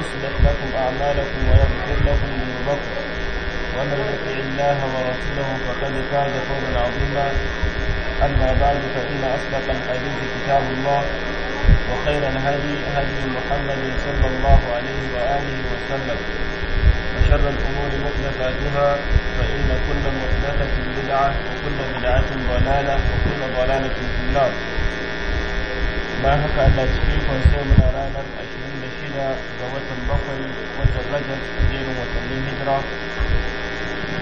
يصلح لكم أعمالكم ويغفر لكم ذنوبكم ومن يطع الله ورسوله فقد فاز فوزا عظيما أما بعد فإن أصدق الحديث كتاب الله وخير الهدي هدي محمد صلى الله عليه وآله وسلم وشر الأمور محدثاتها فإن كل محدثة بدعة وكل بدعة ضلالة وكل ضلالة في النار ما هكذا الله تشكيكم سيومنا رانا 20 shida ga watan bakwai watan rajab jerin watannin hijira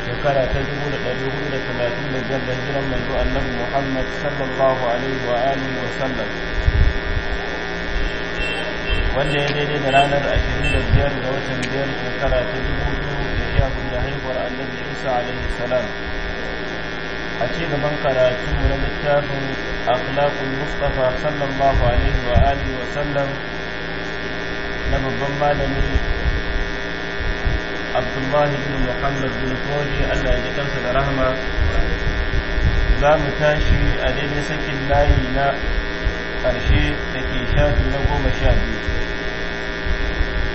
shekara ta dubu da ɗari hudu da talatin da biyar da hijiran manzo annabi muhammad sallallahu alaihi wa alihi wa sallam wanda ya daidai da ranar ashirin da biyar ga watan biyar shekara ta dubu biyu da sha hudu da haihuwar annabi isa alaihi salam a ci gaban karatu na littafin akhlaqul mustafa sallallahu alaihi wa alihi wa sallam na babban malami abdullahi bin muhammad bin kori allah ya ji kansa da rahama za mu tashi a daidai sakin layi na ƙarshe da ke shafi na goma sha biyu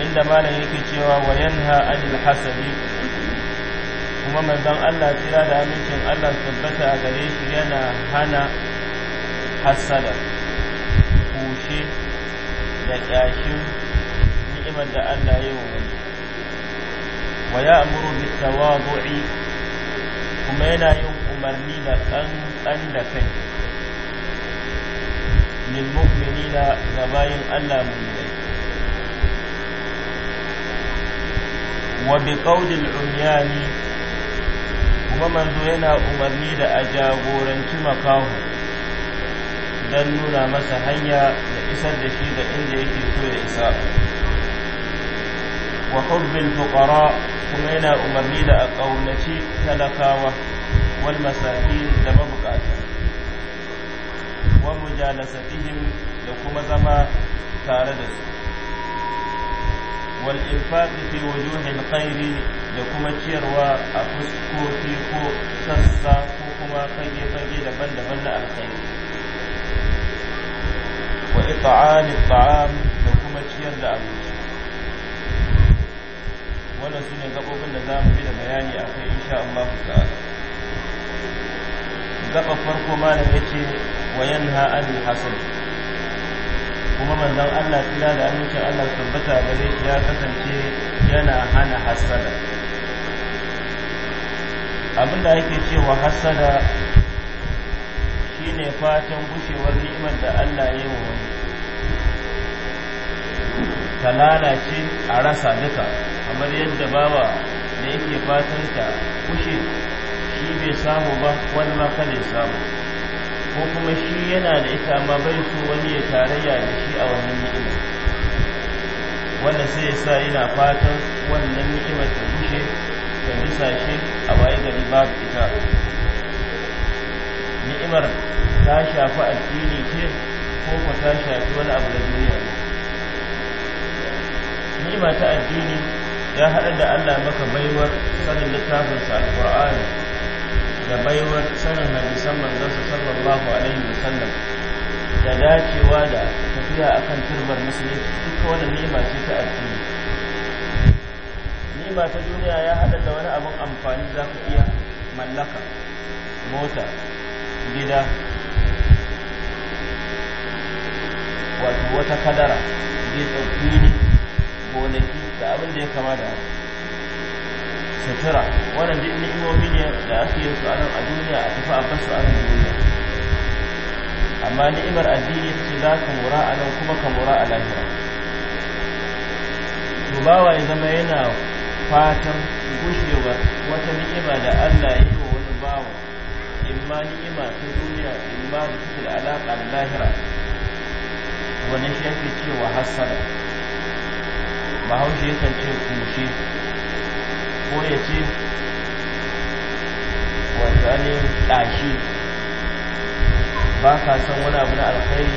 inda malam yake cewa wa yanha anil hasadi kuma manzon Allah kira da amincin Allah tabbata a gare shi yana hana hasada kushe da ƙyashin ni'imar da Allah ya yi wa wa ya amuru bi tawadu'i kuma yana yin umarni da kankan da kai lil mu'minina ga bayin Allah mu'minai wa bi qawlil umyani kuma manzo yana umarni da a jagoranci makahu don nuna masa hanya da isar da shi da inda yake so ya isa wa hubbin fuqara kuma yana umarni da a kaunaci talakawa wal masakin da mabukata wa mujalasatihim da kuma zama tare da su wal infaqi fi da kuma ciyarwa a fuskoki ko sassa ko kuma fage-fage daban-daban na alkhairi wa ita'ani ta'am da kuma ciyar da abinci wannan su ne gaɓoɓin da za mu yi da bayani a kai insha Allah ta'ala gaba farko ya ce wa yanha anil hasan kuma manzon Allah tira da amincin Allah tabbata da zai ya kasance yana hana hasada abinda yake cewa hasada shine fatan gushewar ni'imar da Allah ya yi wa ta lalace a rasa duka kamar yadda bawa da yake fatan ta kushe shi bai samu ba wani ma kada ya samu ko kuma shi yana da ita amma bai so wani ya tarayya da shi a wannan ni'imar wannan sai ya sa ina fatan wannan ni'imar ta kushe ta shi, a waye gari babu ita ni'imar ta shafi addini ce ko ko ta shafi wani abu da duniya ni'ima ta addini ya haɗa da Allah maka baiwar sanin littafinsa alƙur'ani da baiwar sanin hadisan sa sallallahu alaihi wa sallam da dacewa da tafiya akan turbar musulunci duka wani ni'ima ce ta addini ni'ima ta duniya ya haɗa da wani abin amfani za ku iya mallaka mota gida wato wata kadara zai fili gonaki da abin da ya kama da sutura wannan duk ni'imomi ne da ake yin su a nan a duniya a tafi a basu a duniya amma ni'imar addini ce za ka mura a nan kuma ka mura a lahira to bawa ya zama yana fatan gushewar wata ni'ima da Allah ya yi wa wani bawa in ma ni'ima ta duniya in ma da take da alaƙa da lahira wannan shi yake cewa hasada bahaushe yakan ce kushe ko ya ce wata ne ƙashi ba ka san wani abu na alkhairi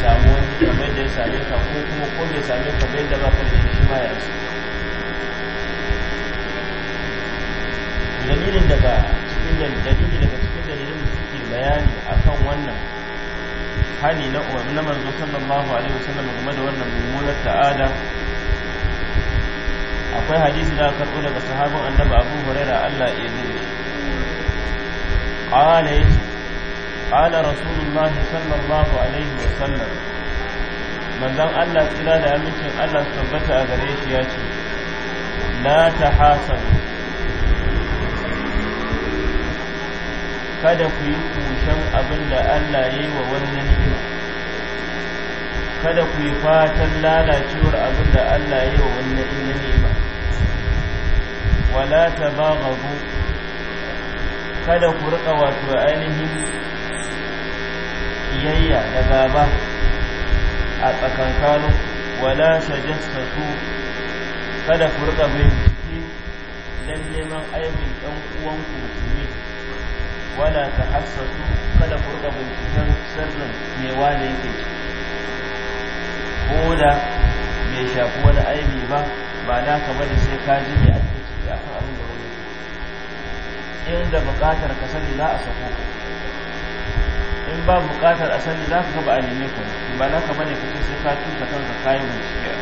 samu wani kamar da ya same ka ko kuma ko bai same ka bai da ba ka da shi ma ya dalilin daga cikin dalilin daga cikin dalilin da suke bayani akan wannan hali na manzo sallallahu alaihi wasallam game da wannan mummunar ta'ada akwai hadisi da aka daga sahabin annabi abu huraira allah ya zube ƙala qala rasulullahi sallallahu alaihi wa sallam manzan allah tsira da amincin allah su tabbata a gare shi ya ce la ta kada ku yi kushen abin da allah ya yi wa wani kada ku yi fatan lalacewar abin da Allah ya yi wa wannan ilimi ba wala ta ba kada ku riƙa wato ainihin kiyayya da gaba a tsakankanu wala ta su kada ku riƙa bincike don neman aibin ɗan uwanku ne, wala ta hassasu kada ku riƙa binciken sirrin mewa da yake ciki ko da bai shafi wani aibi ba ba na kamar da sai ka ji a cikin ciki a kan abin da wani inda buƙatar ka sani za a sako in ba buƙatar a sani za ka ba a neme ka ba na kamar da ka sai ka tuka kanka kayan bincike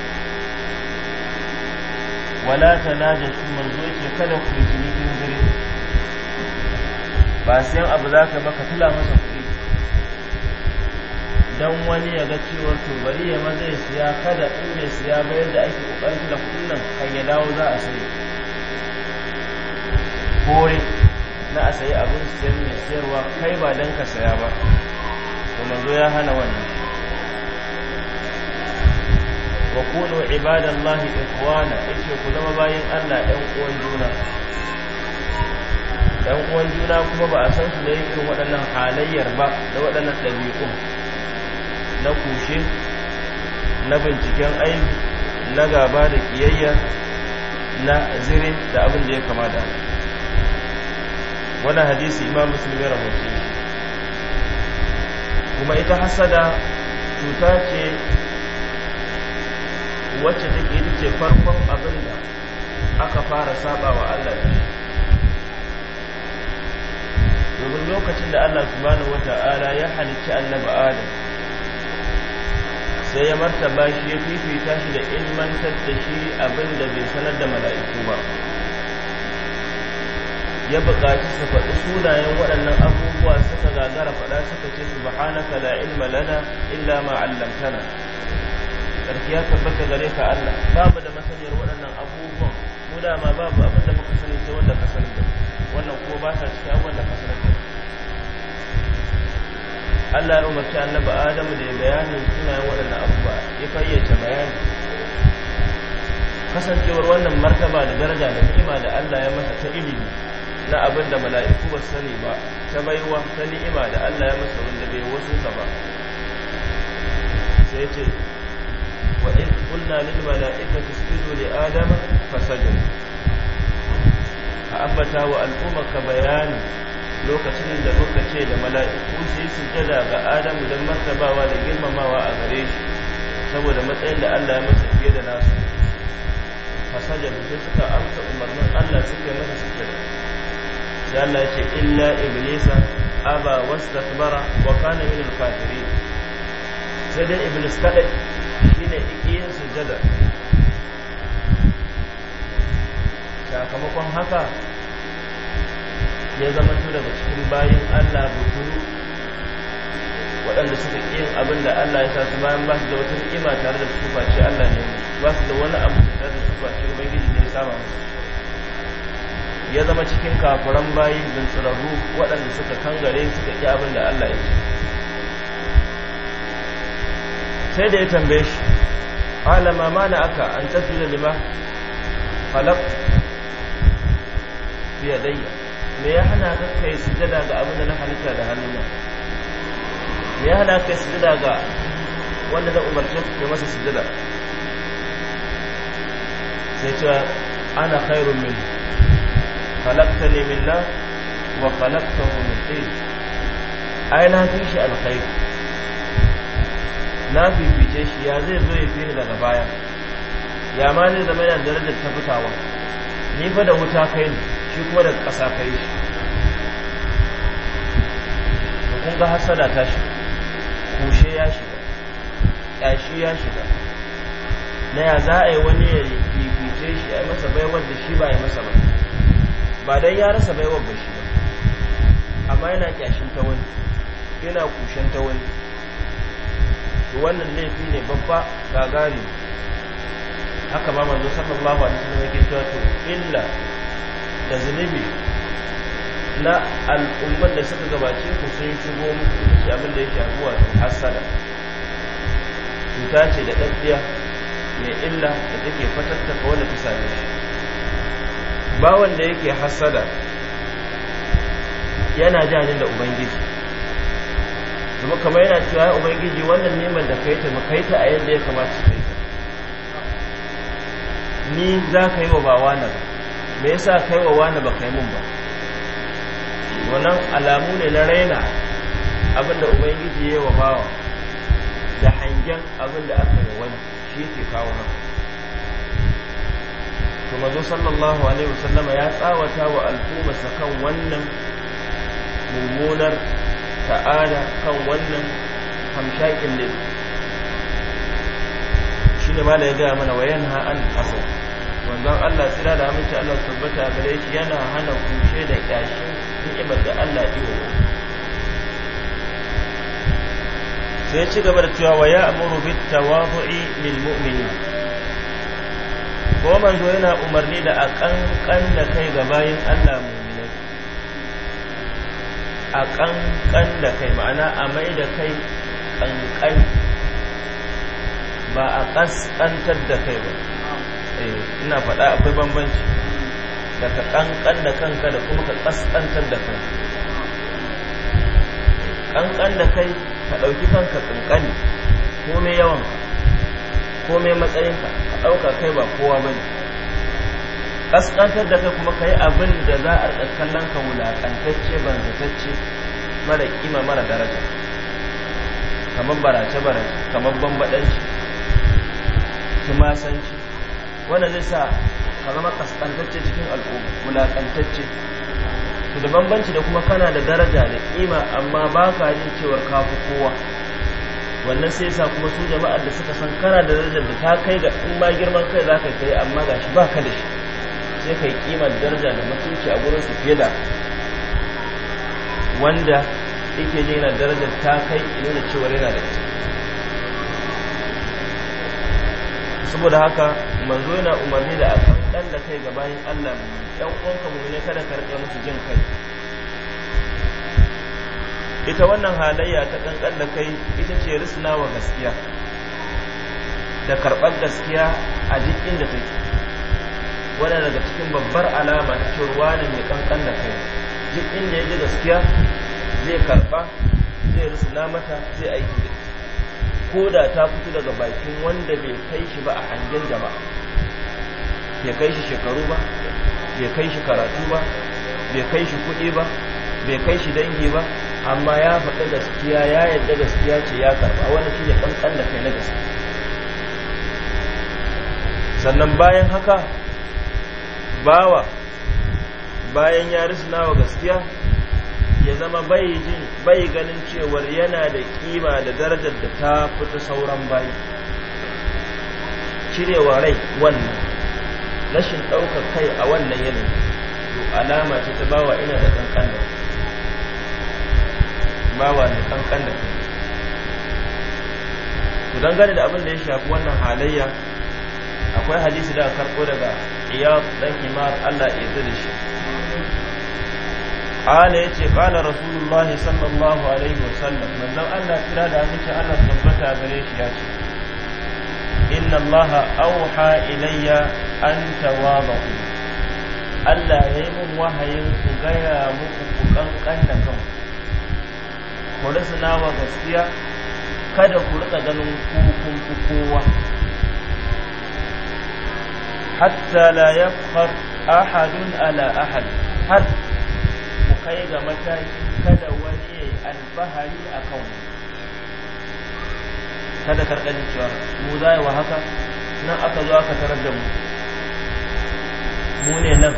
wala ta su manzo ke kada ku yi cinikin zire ba sai abu za ka ba ka tula masa kuɗi don wani ya ga cewar to bari ya ma zai siya kada in bai siya ba yadda ake kokarin da kudin nan kan ya dawo za a sayi kore na a sayi abin siyar mai sayarwa, kai ba don ka saya ba to manzo ya hana wannan wa kunu ibadallahi ikhwana yace ku zama bayan Allah ɗan uwan juna ɗan uwan juna kuma ba a san su da yake waɗannan halayyar ba da waɗannan ɗabi'un na kushe na binciken aini, na gaba da kiyayya na zire da abin da ya kamata. da wani hadisi imam musulmi rahoto kuma ita hasada cuta ce wacce take ita ce farkon abin da aka fara saba wa Allah domin lokacin da Allah subhanahu wata'ala ya halicci annabi Adam sai ya martaba shi ya fifita shi da ilmantar da shi abinda bai sanar da mala'iku ba ya buƙaci su faɗi sunayen waɗannan abubuwa suka gagara faɗa suka ce su kala la ilma lana illa ma 'allamtana sarki ya tabbata gare ka Allah babu da masaniyar waɗannan abubuwan mu dama babu abin da muka sani sai wanda ka sani da wannan kuma ba sa cikin abubuwan da ka sani da Allah ya umarci annabi Adamu da ya bayani sunayen waɗannan abubuwa ya fayyace bayani kasancewar wannan martaba da daraja da ni'ima da Allah ya masa ta ilimi na abin da mala'iku ba sani ba ta baiwa ta ni'ima da Allah ya masa wanda bai wasu ka ba sai ce wa in kulna lil mala'ikati isjudu li adama fasajadu ka ambata wa al'umma ka bayani lokacin da muka ce da mala'iku su yi sujjada ga adamu don martabawa da girmamawa a gare shi saboda matsayin da allah ya masa fiye da nasu fasajar da suka amsa umarnin allah suka masa da sai allah ya ce illa iblisa aba wastakbara wa kana min al sai dai iblis kadai ne ikiyin sujjada sakamakon haka ya zama to daga cikin bayan Allah buturu waɗanda suka yin abin da Allah ya sa su bayan ba su da wata ni'ima tare da su face Allah ne ba su da wani abu tare da su face ubangiji ne ya sama ya zama cikin kafuran bayi bintsirarru waɗanda suka kangare suka ƙi abin da Allah ya ce sai da ya tambaye shi alama mana aka an tafi da lima halak fiye dayya me ya hana ka kai sujada ga abin da na halitta da hannuna me ya hana kai sujada ga wanda na umarce ka kai masa sujada sai ce ana khairun min khalaqtani min nar wa khalaqtahu min tin ai na fi shi alkhair na fifice shi ya zai zo ya fi ni daga baya ya ma zai zama yana darajar ta ni fa da wuta kai ne shi kuma daga ƙasa ka yi shi kun ga hasada ta shi kushe ya shiga ƙyashi ya shiga na ya za a yi wani ya fifice shi ya yi masa baiwar da shi ba ya masa ba ba don ya rasa baiwar ba shi ba amma yana ƙyashin ta wani yana kushen ta wani wannan laifi ne babba gagari haka ma manzo sallallahu alaihi wasallam yake cewa to illa da zunubi na al'ummar da suka gabace ku sun shigo muku da abin da yake abuwa da hasada cuta ce da ɗaɗɗiya mai illa da take fatattaka wanda ta same shi ba wanda yake hasada yana janin da ubangiji kuma kamar yana cewa ya ubangiji wannan neman da kai ta ta a yadda ya kamata kai ni za ka yi wa bawa na ba me yasa kai wa wani ba kai mun ba wannan alamu ne na raina abinda ubangiji ya wa bawa da hangen abinda aka yi wani shi ke kawo haka to mazo sallallahu alaihi wasallam ya tsawata wa al'ummarsa kan wannan mummunar ta'ada kan wannan hamshakin ne shi ne ma da ya gaya mana wayan ha'an hasad manzon Allah tsira da aminci Allah tabbata gare shi yana hana kushe da kyashi ni'imar da Allah ya sai ci gaba da cewa wa ya'muru bit tawadhu'i lil mu'minin ko manzo yana umarni da a kankan da kai ga bayin Allah mu'minai a kankan da kai ma'ana a mai da kai kankan ba a kaskantar da kai ba Eh, ina faɗa akwai bambanci da ka ƙanƙan da kanka da kuma ka ƙasƙantar da kanka ƙanƙan da kai ka ɗauki kanka ƙanƙani mai yawan ko mai matsayinka ka ɗauka kai ba kowa ba ne ƙasƙantar da kai kuma ka yi abin da za a ɗan kallon ka wulaƙantacce banzatacce mara ƙima mara daraja kamar barace-barace kamar bambaɗanci tumasanci wanda zai sa ka zama kaskantacce cikin al'umma wulakantacce su da bambanci da kuma kana da daraja da kima amma ba ka jin cewar kafi kowa wannan sai sa kuma su jama'ar da suka san kana da darajar da ta kai ga in ma girman kai za ka kai amma ga shi ba ka da shi sai ka yi kima da daraja da mutunci a gurin su fiye da wanda yake jina darajar ta kai ilo da cewar yana da ita saboda haka manzo yana umarni da akan dan da kai ga bayan Allah ɗan uwanka mu ne kada ka rike musu jin kai ita wannan halayya ta kankan da kai ita ce risna wa gaskiya da karɓar gaskiya a duk inda take wanda daga cikin babbar alama ta ce ruwa ne mai kankan da kai duk inda ya ji gaskiya zai karɓa zai risna mata zai aiki da Koda ta fito daga bakin wanda bai kai shi ba a hangen da ba. bai kai shi shekaru ba bai kai shi karatu ba bai kai shi kuɗi ba bai kai shi dangi ba amma ya faɗa gaskiya ya yadda gaskiya ce ya karɓa wanda shi ne ɗanɗan da kai na gaskiya sannan bayan haka bawa bayan ya risna wa gaskiya ya zama bai ganin cewar yana da kima da darajar da ta fita sauran bayi cirewa rai wannan rashin ɗaukar kai a wannan yanayi to alama ce ta bawa ina da kankan da bawa da kankan da to gane da abin da ya shafi wannan halayya akwai hadisi da karɓo daga iyad dan kimar Allah ya da shi قال يتي قال رسول الله صلى الله عليه وسلم من لو أن أتراد أنك أنا صبت أبريش ياتي إن الله أوحى إلي أن تواضعوا Allah ya yi min wahayin ku gaya muku ku kankan ku gaskiya kada ku rika ganin kukun ku kowa hatta la yafkar ahadun ala ahad har kai ga mataki kada wani ya yi alfahari a kan mu kada karɗanin cewa mu za yi wa haka nan aka zo aka tarar da mu mu ne nan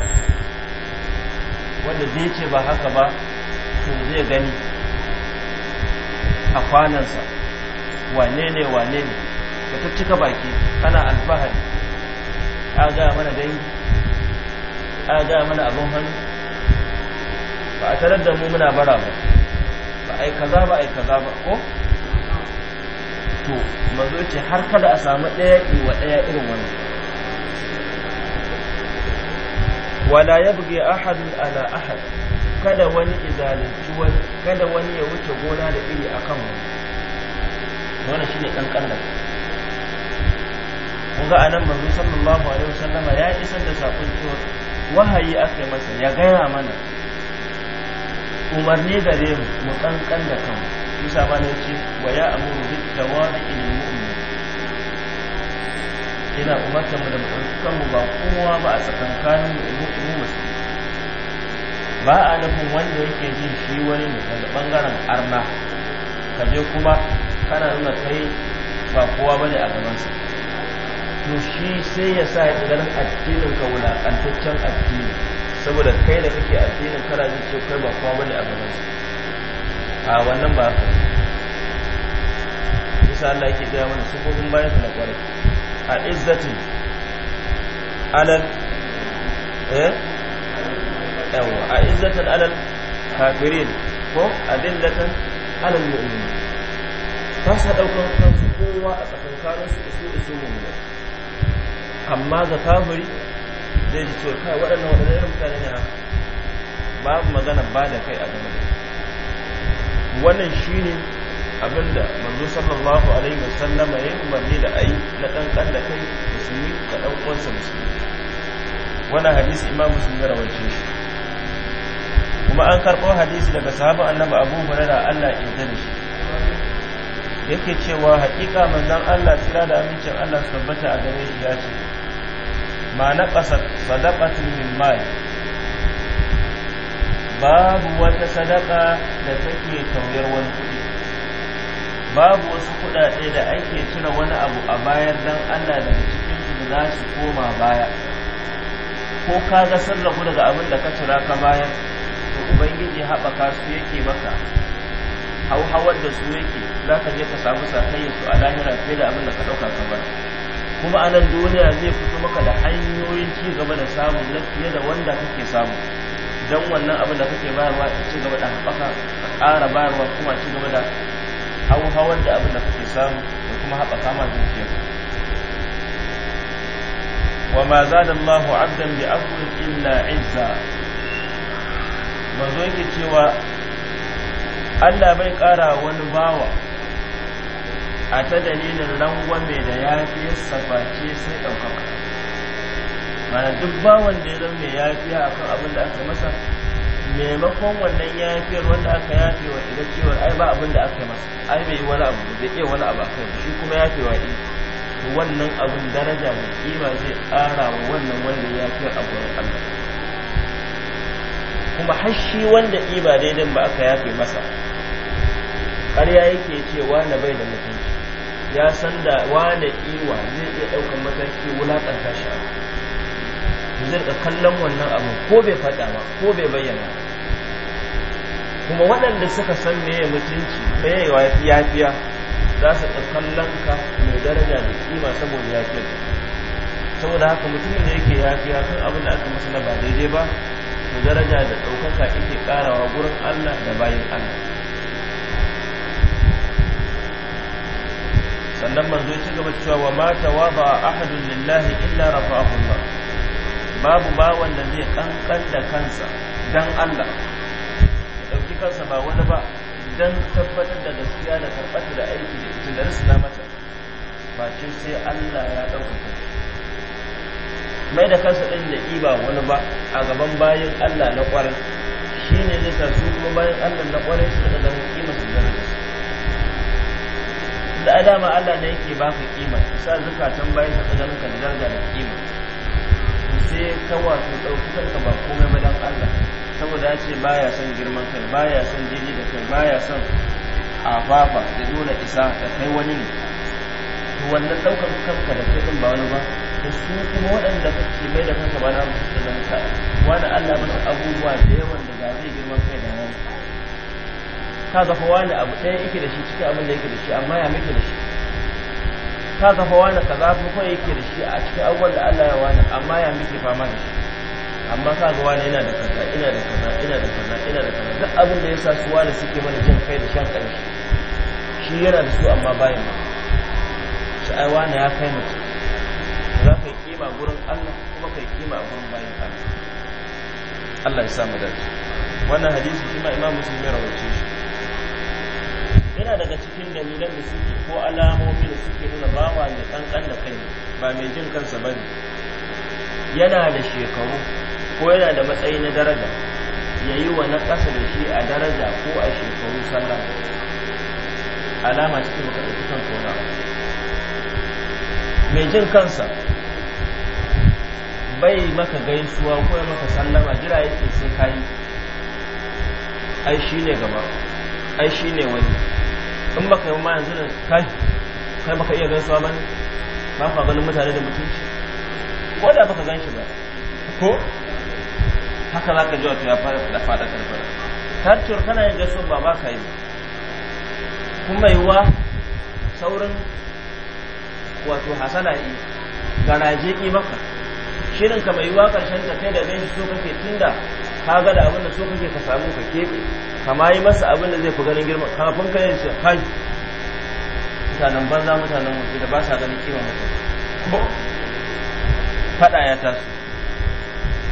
wanda zai ce ba haka ba to zai gani a kwanansa wane ne wane ne ka tuttuka baki kana alfahari a gaya mana dangi a gaya mana abin hannu ba a tarar da mu muna bara ba ba a yi kaza ba a yi kaza ba ko to mazo ce har kada a samu ɗaya wa ɗaya irin wani wala ya buge ahadun ala ahad kada wani izalinci wani kada wani ya wuce gona da iri kan wani wannan shine dan kallan kun ga anan manzo sallallahu alaihi wasallama ya isar da sakon cewa wahayi aka masa ya gaya mana umarni gare mu mu kankan da kan musa ba ne ce wa ya amuru bi tawadi ilil mu'min yana umarta mu da mu ba kowa ba a tsakankanin mu mu ba a nufin wanda yake jin shi wani ne daga bangaren arna kaje kuma kana nuna kai ba kowa bane a gabansa to shi sai ya sa ya ganin addinin ka wulakantaccen addini saboda kai da kake addinin kana jin cewa kai ba kowa bane a gaban su a wannan ba haka bisa Allah yake gaya mana sufofin bayan ka na kwarai a izzatin alal eh yawa a izzatin alal kafirin ko adillatan alal mu'minin ba sa daukan kansu kowa a tsakankanin su isu isu mu'minin amma ga kafiri zai ji cewa kai waɗannan waɗannan irin mutane ne haka babu magana ba da kai a game da wannan ne abinda manzo sallallahu alaihi sallama ya umarni da ai na dan da kai musulmi ka dan uwansa musulmi wani hadisi imam muslim ya rawaice shi kuma an karɓo hadisi daga sahabu annabi abu hurairah Allah ya yarda da shi yake cewa haƙiƙa manzon Allah tsira da amincin Allah su tabbata a gare shi ya ce ma naqasat sadaqatu min mal babu wata sadaka da take tauyar wani kuɗi babu wasu kuɗaɗe da ake cire wani abu a bayar dan Allah daga cikin su da za su koma baya ko ka ga sarrafu daga abin da ka cira ka bayar to ubangiji haɓaka su yake maka hauhawar da su yake za ka je ka samu sakayya a lahira fiye da abin da ka ɗauka ka bar kuma a nan duniya zai fito maka da hanyoyin ci gaba da samu na fiye da wanda kake samu don wannan abin da kake bayarwa a ci gaba da haɓaka a ƙara bayarwa kuma ci gaba da hauhawar da abin da kake samu da kuma haɓaka ma zuciya wa ma za da Allah abdan bi afuwin illa izza manzo yake cewa Allah bai ƙara wani bawa a ta dalilin mai da ya fi saface sai ɗaukaka mana duk ba da ya zama mai yafiya akan abin da aka masa maimakon wannan yafiyar wanda aka yafe wa idan cewar ai ba abin da aka yi masa ai bai yi wani abu bai iya wani abu akan shi kuma yafewa ɗin wannan abin daraja mai kima zai ƙara wa wannan wanda yafiyar abu Allah kuma hashi wanda ɗiba daidai ba aka yafe masa ƙarya yake cewa na bai da mutum ya san da wane iwa zai iya ɗaukar mataki wulaƙanta shi abu zai da kallon wannan abu ko bai faɗa ba ko bai bayyana kuma waɗanda suka san meye mutunci meye yafiya za su da kallon ka mai daraja da kima saboda yafiyar saboda haka mutumin da yake yafiya kan abin da aka masa na ba daidai ba mu daraja da ɗaukaka yake ƙarawa gurin Allah da bayin Allah sannan manzo ci gaba cewa wa ma tawada ahadun lillahi illa rafa'ahu Allah babu ba wanda zai kankan da kansa dan Allah dauki kansa ba wani ba dan tabbatar da gaskiya da karɓata da aiki da ita da risna mata ba ce sai Allah ya dauka ta mai da kansa ɗin da iba wani ba a gaban bayan Allah na kwarai shi ne nisa su kuma bayan Allah na kwarai su daga ganin da adama Allah ne yake ba kima sa zukatan bayan ka ganin ka da daraja da kima sai ka wato ɗauki kanka ba komai ba dan Allah saboda ya ce baya son girman kai baya son jiji da kai baya son afafa da dole isa da kai wani ne to wannan daukar kanka da kai ɗin ba wani ba da su kuma waɗanda kake mai da kanka ba na musu da zama wani Allah mana abubuwa da yawan da ba zai girman kai ka ga fa wani abu ɗaya yake da shi cikin abin da yake da shi amma ya muke da shi ka ga fa wani kaza fa ko yake da shi a cikin abubuwan da Allah ya wani amma ya muke fama da shi amma ka ga wani yana da kaza ina da kaza ina da kaza ina da kaza duk abin da ya sa su wani suke mana jin kai da shan ƙarshe shi yana da su amma bayan ma shi ai wani ya kai mutum za ka yi kima gurin Allah kuma ka yi kima gurin bayan Allah Allah ya samu dace wannan hadisi shi ma imamu sun yi rawaito shi yana daga cikin dalilan da suke ko alamomi da suke nuna bawa mai kankan da kai ba mai jin kansa ba ne yana da shekaru ko yana da matsayi na daraja ya yi wa na ƙasa da shi a daraja ko a shekaru sallah alama cikin baka ɗauki kan mai jin kansa bai maka gaisuwa ko ya maka sallama jira yake sai kayi ai shi ne gaba ai shi ne wani in baka yi ma yanzu da kai kai baka iya gaisuwa ba ne ba ka ganin mutane da mutunci ko da baka gan shi ba ko haka za ka ji wata ya fara da fada karfara tattur kana yin gaisuwa ba ba ka yi kuma yiwuwa saurin wato hasala yi garaje yi maka shirin ka mai yiwuwa karshen tafiya kai da gaisuwa kake tunda ka ga da abin da so kake ka samu ka kebe kama yi masa abin da zai fi ganin girma kafin ka yin shi kai mutanen banza mutanen mutu da ba sa ganin kima mutum ko faɗa ya taso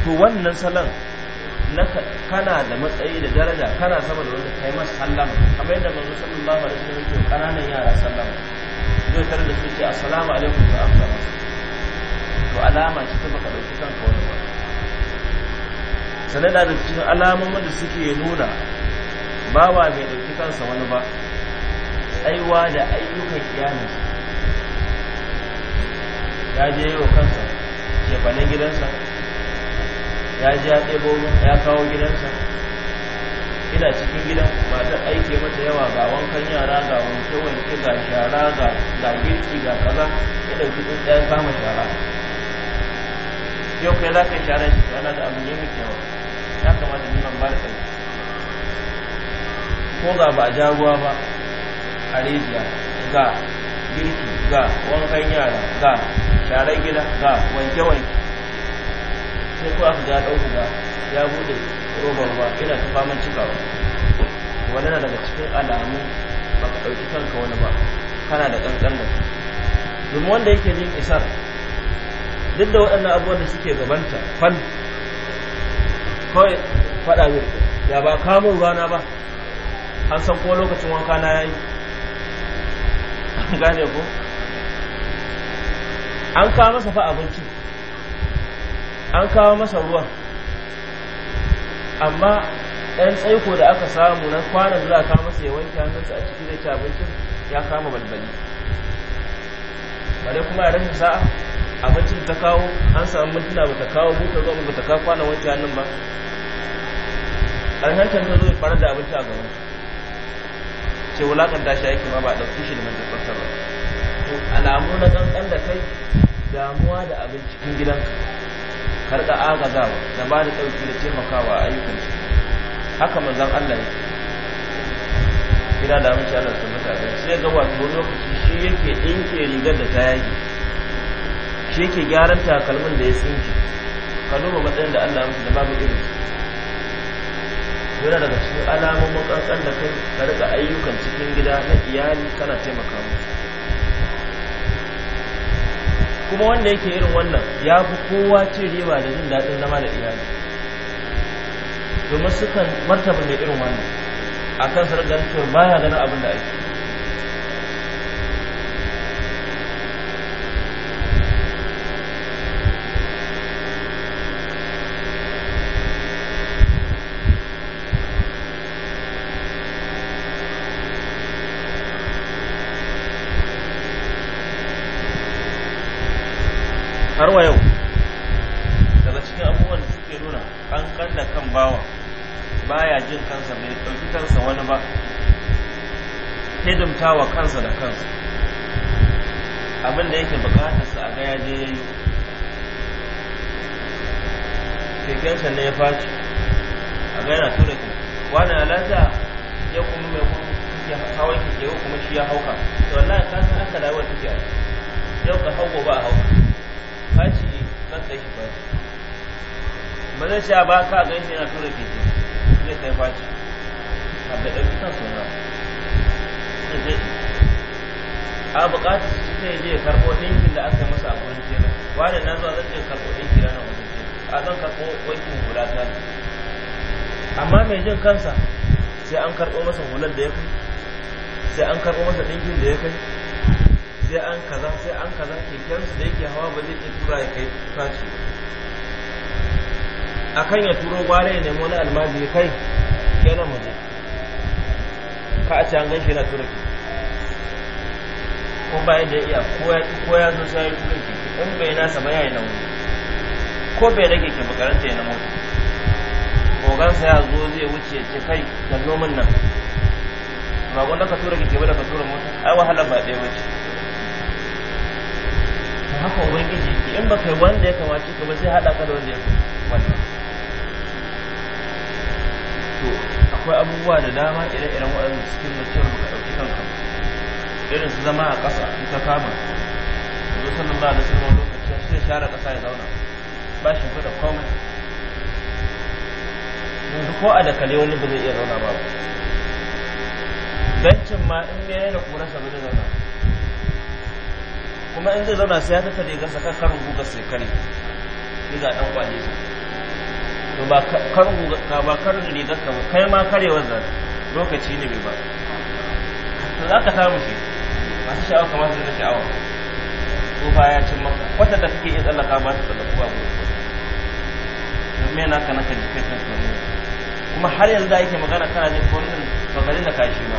to wannan salon na kana da matsayi da daraja kana sama da wanda yi masa sallam kamar yadda manzo sallallahu alaihi wasallam yake kananan yara sallam zai tare da su a assalamu alaikum ka amsa to alama ce ta baka dauki kanka sannan da cikin alamomin da suke nuna bawa mai ɗauki kansa wani ba tsaiwa da ayyukan iyalinsa ya je yi wa kansa shefanen gidansa ya je ya ɗebo ya kawo gidansa ina cikin gida ta aike mata yawa ga wankan yara ga wanke wanke ga shara ga girki ga kaza ya ɗauki tsuntsaye kama shara yau kai za ka shara shi da abin yi yawa ya kamata liman ba da tsaye ko ga ba a ja ruwa ba a ga girki ga wankan yara ga sharar gida ga wanke-wanke sai ko aka ja ɗauku ga ya bude robar ruwa ina ta faman cikawa wani na daga cikin alamu ba ka ɗauki kanka wani ba kana da ƙanƙan da domin wanda yake jin isar duk da waɗannan abubuwan da suke gabanta fal kawai faɗa min ya ba kamo rana ba an san ko lokacin wanka na yayi gane ko an kawo masa fa abinci an kawo masa ruwa amma ɗan tsaiko da aka samu na kwana zuwa za masa ya wanke hannunsa a ciki da ci abincin ya kama balbali bare kuma ya rashin sa'a abincin ta kawo an samu mintuna ba ta kawo buka zuwa ba ta kawo kwanan wanke hannun ba ƙarshen ta zo ya fara da abinci a gaba ce da shi yake ma ba a ɗauki shi da mai tabbatar ba to alamu na ƙanƙan da kai damuwa da abin cikin gidanka karɗa agazawa da ba da ɗauki da taimakawa a ayyukan shi haka manzan Allah ya gida da amince Allah sun mutane sai ga wato lokaci shi yake ɗinke rigar da ta yage shi yake gyaran takalmin da ya tsinki ka duba matsayin da Allah mutu da babu irin yana daga cikin alamomin kankan da kai ka rika ayyukan cikin gida na iyali kana taimaka musu kuma wanda yake irin wannan ya fi kowa ce riba da jin daɗin zama da iyali domin sukan martaba mai irin wannan a akan sarar ganin baya ganin abin da ake har wa yau daga cikin abubuwan da suke nuna an da kan bawa baya jin kansa bai ɗauki kansa wani ba hidimta wa kansa da kansa abin da yake bukatarsa a ga ya je ya yi kekensa ne ya faci a ga yana tura ke wani alata ya kuma mai kuma hawan keke kuma shi ya hauka to wallahi ka san haka rayuwar take yau ka hau ba a hauka faci kan da shi ba zai sha ba ka gan shi yana tura keke zai kai faci a bai ɗauki kan sauran da zai a buƙatar su ta je karɓo ɗinkin da aka masa a wurin tela wani na zuwa zan je karɓo ɗinkin ranar nan wajen tela a zan karɓo wankin hula ta amma mai jin kansa sai an karɓo masa hular da ya kai sai an karɓo masa ɗinkin da ya kai sai an kaza sai an kaza su da yake hawa ba zai ke tura ya kai faci a kan ya turo gwara ya nemo na ya kai yana muje ka a can ganshi na turki ko ba yadda ya iya ko ya zo sai ya turo in bai nasa ba ya yi nauyi ko bai rage ke makaranta ya na mota sa ya zo zai wuce ce kai da noman nan ba gwanda ka tura ki ke bada da ka tura mota ai wahala ba ɗaya wuce. haka ubangiji yake in ba kai wanda ya kamace ka ba sai hada ka da wanda ya wannan to akwai abubuwa da dama ire-iren waɗanda cikin mutum ka ɗauki kanka irin su zama a ƙasa in ka kama zo sallallahu alaihi wasallam lokaci sai share ƙasa ya zauna ba shi da komai yanzu ko a dakale wani ba zai iya zauna ba bencin ma in ya da kura sabbin zauna kuma in zai zauna sai ya tafi gasa kan karin guga sai kare sai ga ɗan kwaje sa to ba karin gugar ba karin da ka ba kai ma karewar zan lokaci ne bai ba to za ka samu shi masu sha'awa kamar zai da sha'awa tsufa ya cin maka kwata da kake iya tsallaka ba ta tsallaka ba gudu don me naka ka jikin ta tsoro kuma har yanzu da ake magana kana jin kwanan garin da kashi ba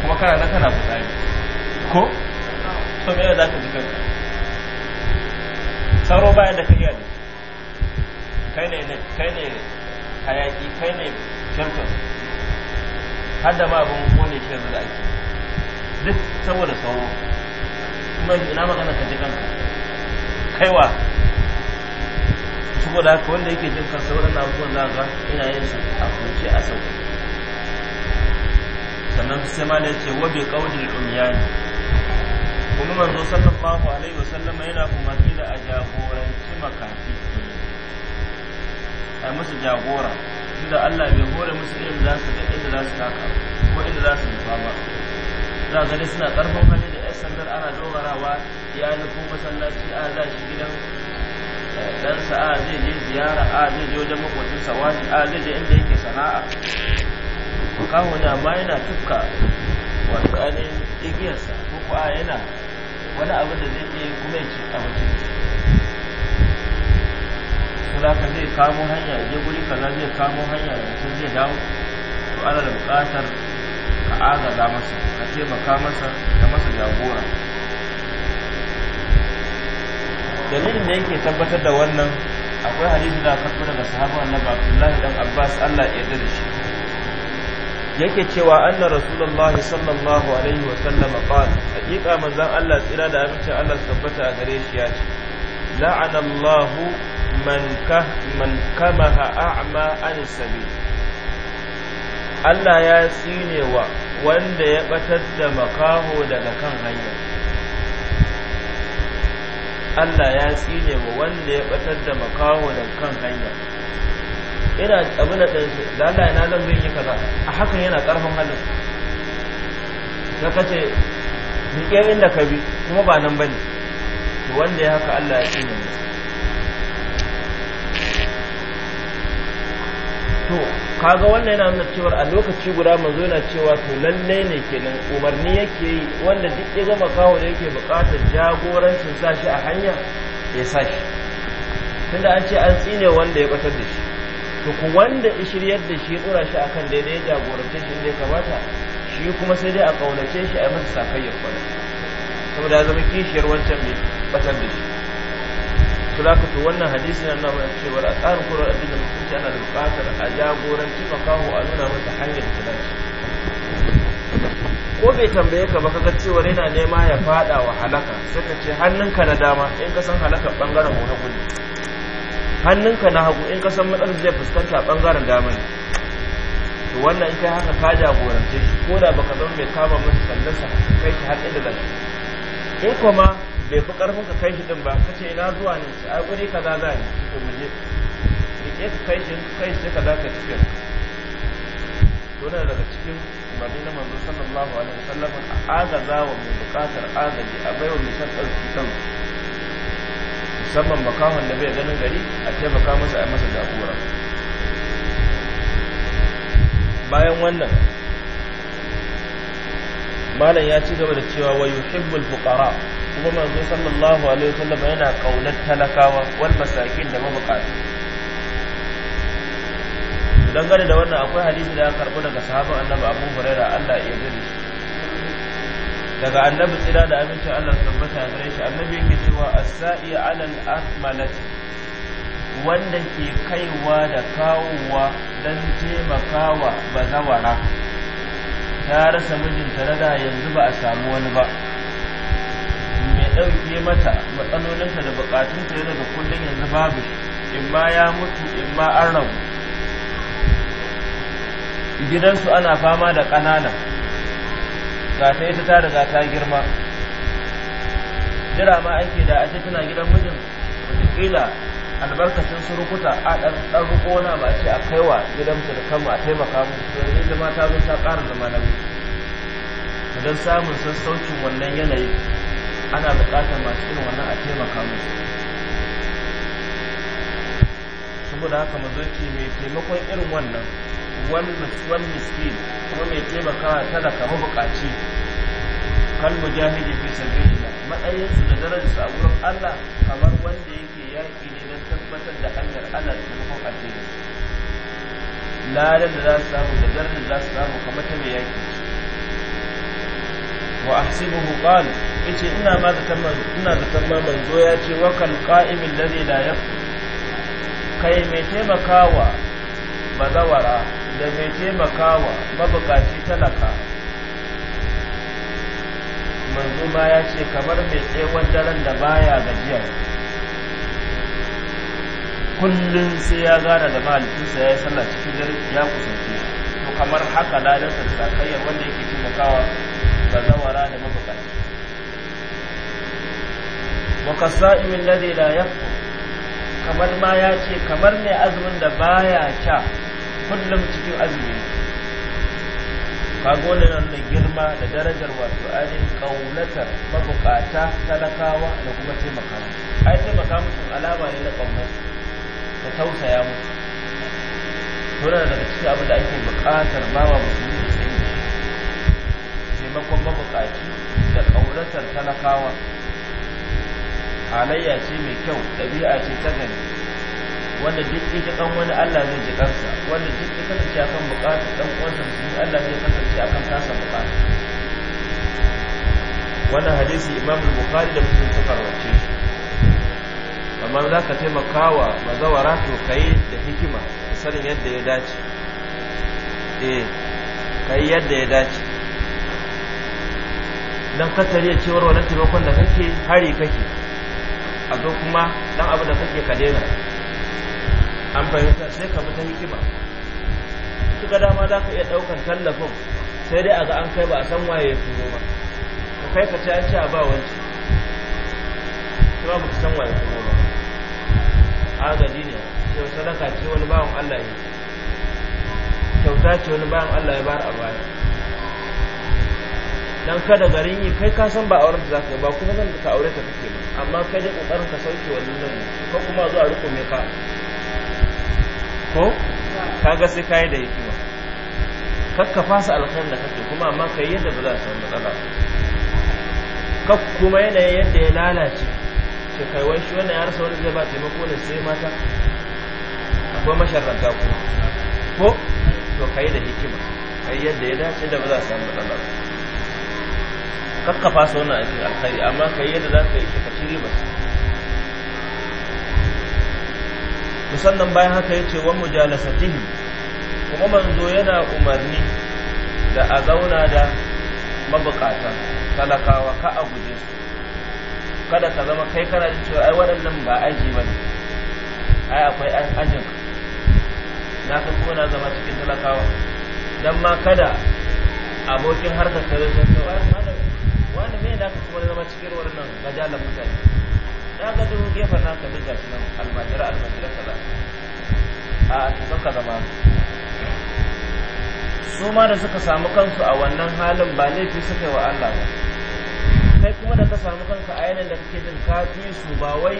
kuma kana na kana fitsari ko to me za ka ji kanka sauro bayan da ka ne da kai ne kai ne hayaki kai ne kyamfan har da ma abin kone shi yanzu da ake duk saboda sauro kuma ina magana ka ji kanka kaiwa saboda haka wanda yake jin kansa wurin abubuwan za ga ina yin su a kunce a sauƙi sannan sai ma da ce wabe kaudin umyani kuma manzo sallallahu alaihi sallam yana umarni da a jagoranci makafi a musu jagora inda Allah bai hore musu irin za su da inda za su taka ko inda za su nufa ba za gani suna karfin hali da yan sandar ana dogarawa ya nufo masallaci a za shi gidan eh, ɗansa a zai je ziyara a zai je wajen makocinsa wani a zai je inda yake sana'a kawo ne amma yana tufka wato ainihin igiyarsa ko a yana wani abu da zai iya kuma ya a abinci kula ka zai kamo hanya ya guri kaza zai kamo hanya da mutum zai dawo to ana da bukatar ka agaza masa ka taimaka masa da masa jagora dalilin da yake tabbatar da wannan akwai hadisi da karɓo daga sahabu annabi abdullahi dan abbas allah ya yarda da shi yake cewa anna rasulullahi sallallahu alaihi wa sallam qala hakika manzon Allah tsira da abincin Allah tabbata a gare shi ya ce la'anallahu man ka man kamaha a'ma an sabil Allah ya tsinewa wanda ya batar da makaho daga kan hanya Allah ya tsinewa wanda ya batar da makaho daga kan hanya yana abin da Allah zan zai yi kaza a hakan yana karfin halin ya kace ke inda ka bi kuma ba nan bane to wanda ya haka Allah ya tsine to kaga wannan yana nuna cewa a lokaci guda manzo yana cewa to lalle ne kenan umarni yake yi wanda duk ya gama kawo da yake buƙatar jagorancin sashi a hanya ya sashi tunda an ce an tsine wanda ya batar da shi to ku wanda ya shiryar da shi tsura shi akan daidai ya jagorance shi inda ya kamata shi kuma sai dai a ƙaunace shi a yi masa sakayyar kwana saboda ya zama kishiyar wancan mai batar da shi su za ka to wannan hadisi na nuna cewar a tsarin kurar addinin mutunci ana da bukatar a jagoranci makaho a nuna masa hanyar da ta ko bai tambaye ka ba ka ga cewa yana nema ya fada wa halaka sai ka ce hannunka na dama in ka san halakar bangaren mu na hannunka na hagu in kasan matsalar zai fuskanta bangaren dama ne to wannan in kai haka ka jagorance shi ko da baka zama mai kama masa sandarsa kai ki har da in kuma bai fi ƙarfin ka kai shi din ba ka ce ina zuwa ne a ai guri kaza za ne to mu je rike ka kai shi kai shi kaza ka tafi to na daga cikin umarni na manzo sallallahu alaihi wasallam a agaza wa mai bukatar agaji a baiwa mai shan ɗauki musamman makamun da bai ganin gari a taimaka masa a masa jagora bayan wannan malam ya ci gaba da cewa wa yuhibbul fuqara kuma manzo sallallahu alaihi wasallam yana kaunar talakawa wal masakin da mabukata dangane da wannan akwai hadisi da ya karbo daga sahaban annabi Abu Hurairah Allah ya yarda shi daga annabi tsira da amincin Allah tabbata gare shi annabi yake cewa as-sa'i 'ala al wanda ke kaiwa da kawowa dan taimakawa bazawara ta rasa mijinta na yanzu ba a samu wani ba mai ɗauke mata matsalolinta da bukatunta yau daga kullum yanzu babu in ma ya mutu in ma an rabu gidansu ana fama da ƙanana ga ta ita ta riga ta girma jira ma aiki da ake tana gidan mijin wataƙila albarkacin surukuta a ɗan ruko na ba ce a kaiwa gidan kanmu a taimaka mu to yanzu ma mata zo ta ƙara zama na da don samun sassaucin wannan yanayi ana buƙatar masu irin wannan a taimaka mu saboda haka mazoci mai taimakon irin wannan wal miskin kuma mai taimakawa talaka mabukaci kan mujahidi fi sabilillah matsayin su da darajar su a wurin Allah kamar wanda yake yaki ne don tabbatar da hanyar Allah da taimakon addini ladan da za su samu da darajar za su samu kamar ta mai yaki wa ahsibuhu qal yace ina ma da tamma ina da tamma manzo ya ce wa kal qa'im alladhi la yaqul kai mai taimakawa bazawara da mai taimakawa mabukaci talaka manzo ma ya ce kamar mai tsewon daren da baya gajiya kullum sai ya gana da mahalicinsa ya yi sallah cikin dare ya kusance to kamar haka ladan sakayyar wanda yake taimakawa zawara da mabukaci wa kasa'imin ladai la yaqu kamar ma ya ce kamar mai azumin da baya ya kullum cikin azumi kago ne nan da girma da darajar wato ainihin kaunatar mabukata talakawa da kuma taimaka ai taimaka musu alama ne na ƙaunar da tausaya musu tuna daga cikin abin da ake bukatar bawa musulmi da tsayi taimakon mabukaci da kaunatar talakawa halayya ce mai kyau ɗabi'a ce ta gani wanda duk ita kan wani Allah zai ji kansa wanda duk ita kasance akan bukata dan uwansa musulmi Allah zai kasance akan tasa bukata wannan hadisi Imam Bukhari da Muslim suka rawace shi amma za ka taimakawa mazawara to kai da hikima sanin yadda ya dace eh kai yadda ya dace dan ya cewar wannan taimakon da kake hari kake a zo kuma dan abu da kake ka daina an fahimta sai ka bi ta hikima su ga dama za ka iya ɗaukar tallafin sai dai a ga an kai ba a san waye ya turo ba ka kai ka ci an ci a ba wanci kuma ba ka san waye turo ba agaji ne sai sadaka ce wani bawan Allah ya kyauta ce wani bawan Allah ya bar a baya dan kada garin yi kai ka san ba auren da zaka yi ba kuma zan ka aure ta kake amma kai dai kokarin ka sauke wannan nan ko kuma zuwa riko me ka ko kaga sai kai da hikima kakka fasa alkhairin da kake kuma amma kai yadda ba za su matsala ka kuma yanayin yadda ya lalace ce kai wai shi wannan ya rasa wani zai ba taimako ne sai mata akwai masharanta ko ko to kai da hikima kai yadda ya dace da ba za su matsala kakka fasa wannan alkhairi amma kai yadda za ka yi ka ci ba musannan bayan haka yace wa mujalasatihi kuma manzo yana umarni da a zauna da mabukata talakawa ka a guje su kada ka zama kai kana jin cewa ai waɗannan ba aji ba ne ai akwai ajin na ka na zama cikin talakawa dan ma kada abokin harkar sai zai wani mai da aka kuma zama cikin waɗannan gajalan mutane na ga gefen naka duk gashi nan almajira almajira kaza a ka zama su ma da suka samu kansu a wannan halin ba laifi suka yi wa Allah ba kai kuma da ka samu kanka a yanayin da kake jin ka fi su ba wai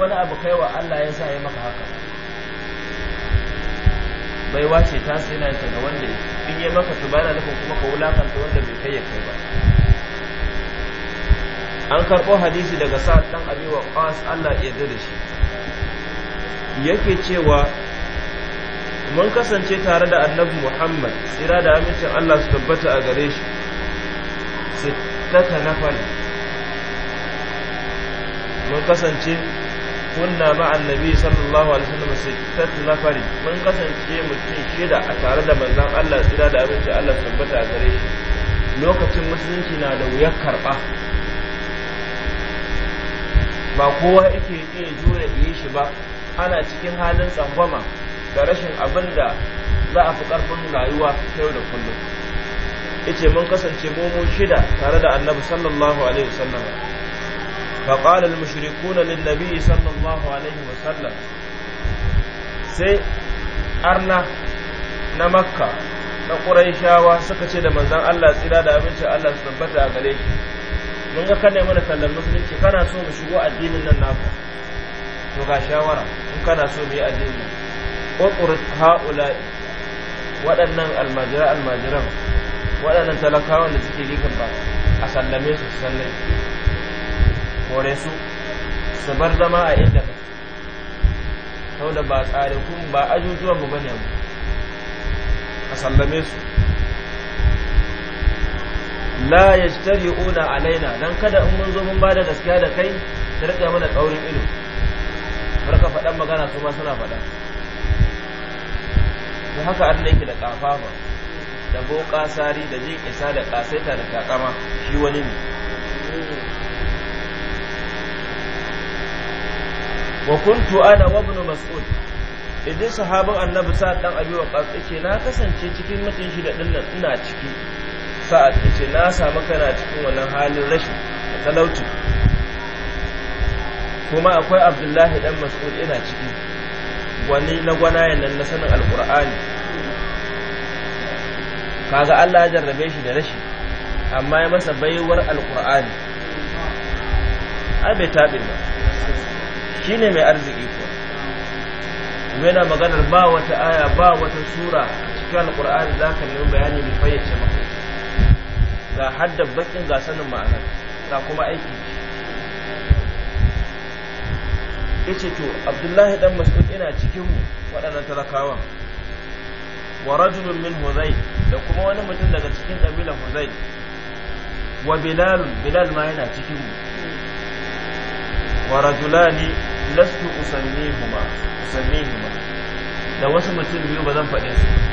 wani abu kai wa Allah ya sa ya maka haka bai wace ta sai na yanka ga wanda in yi maka to na nufin kuma ka wulakanta wanda bai kai ya kai ba an karɓo hadisi daga sa'ad ɗan abi waqas Allah ya dada da shi yake cewa mun kasance tare da annabi Muhammad tsira da amincin Allah su tabbata a gare shi sittata fali mun kasance kunna ma annabi sallallahu alaihi wasallam na fari. mun kasance mutum shida a tare da manzon Allah tsira da amincin Allah su tabbata a gare shi lokacin musulunci na da wuyar karɓa ba kowa yake iya jure yi shi ba ana cikin halin tsangwama da rashin abin da za a fi ƙarfin rayuwa ta yau da kullum yace mun kasance mu shida tare da annabi sallallahu alaihi wasallam fa qala al mushrikuna lin nabi sallallahu alaihi wasallam sai arna na makka na quraishawa suka ce da manzon Allah tsira da abinci Allah su tabbata a gare shi mun ga kana mana tallan musulunci kana so mu shigo addinin nan naku to ga shawara in kana so mu yi addinin nan ƙwaƙurin ha'ula waɗannan almajira almajiran waɗannan talakawan da suke gefen ba a sallame su sallai kore su su bar zama a inda ka sau da ba tsare kun ba ajujuwan mu bane mu a sallame su la yajtari'una alaina dan kada in mun zo mun bada gaskiya da kai ta rika mana kaurin ido har ka faɗan magana su ma suna fada da haka Allah yake da kafafa da boka sari da jin isa da kasaita da takama shi wani ne wa kuntu ana wa ibn mas'ud idan annabi sa dan abi waqas yake na kasance cikin mutum da dinnan ina ciki sa’ad suka ce na samu kana cikin wannan halin rashin da talauci kuma akwai abdullahi dan mas'ud ina ciki wani na gwanayen nan na sanin alkur'ani kaga Allah ya jarrabe shi da rashi amma ya masa baiwar alkur'ani ai bai ba shi ne mai arziki kuwa yana maganar ba wata aya ba wata sura a cikin alkur'ani za ka nemi bayani mai fayyace ba ga hadda bakin ga sanin ma'anar ta kuma aiki ya ce to abdullahi dan mas'ud ina cikinmu waɗannan talakawan wa rajulun min huzai da kuma wani mutum daga cikin ƙabilan huzai wa bilal bilal ma yana cikinmu wa rajulani lastu usannihuma usannihuma da wasu mutum biyu ba zan faɗe su